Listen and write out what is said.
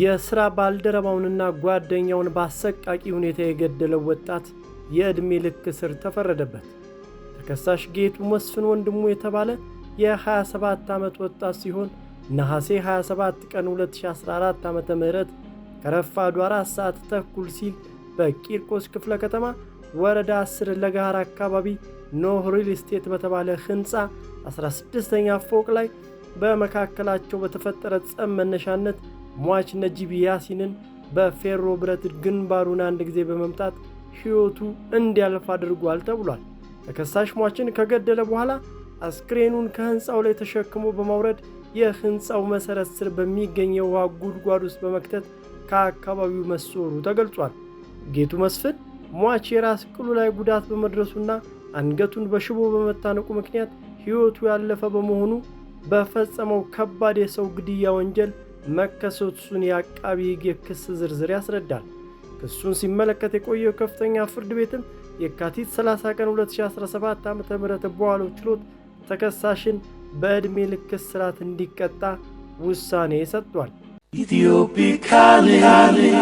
የስራ ባልደረባውንና ጓደኛውን በአሰቃቂ ሁኔታ የገደለው ወጣት የዕድሜ ልክ እስር ተፈረደበት። ተከሳሽ ጌቱ መስፍን ወንድሙ የተባለ የ27 ዓመት ወጣት ሲሆን ነሐሴ 27 ቀን 2014 ዓ ም ከረፋዱ 4 ሰዓት ተኩል ሲል በቂርቆስ ክፍለ ከተማ ወረዳ 10 ለጋራ አካባቢ ኖህ ሪል ስቴት በተባለ ህንፃ 16ኛ ፎቅ ላይ በመካከላቸው በተፈጠረ ጸብ መነሻነት ሟች ነጂብ ያሲንን በፌሮ ብረት ግንባሩን አንድ ጊዜ በመምጣት ሕይወቱ እንዲያልፍ አድርጓል ተብሏል። ተከሳሽ ሟችን ከገደለ በኋላ አስክሬኑን ከሕንፃው ላይ ተሸክሞ በማውረድ የሕንፃው መሠረት ስር በሚገኘው ውሃ ጉድጓድ ውስጥ በመክተት ከአካባቢው መሰወሩ ተገልጿል። ጌቱ መስፍን ሟች የራስ ቅሉ ላይ ጉዳት በመድረሱና አንገቱን በሽቦ በመታነቁ ምክንያት ሕይወቱ ያለፈ በመሆኑ በፈጸመው ከባድ የሰው ግድያ ወንጀል መከሰሱን የአቃቢ ሕግ የክስ ዝርዝር ያስረዳል። ክሱን ሲመለከት የቆየው ከፍተኛ ፍርድ ቤትም የካቲት 30 ቀን 2017 ዓ ም በዋለው ችሎት ተከሳሽን በዕድሜ ልክ እስራት እንዲቀጣ ውሳኔ ሰጥቷል። ኢትዮፒካሊ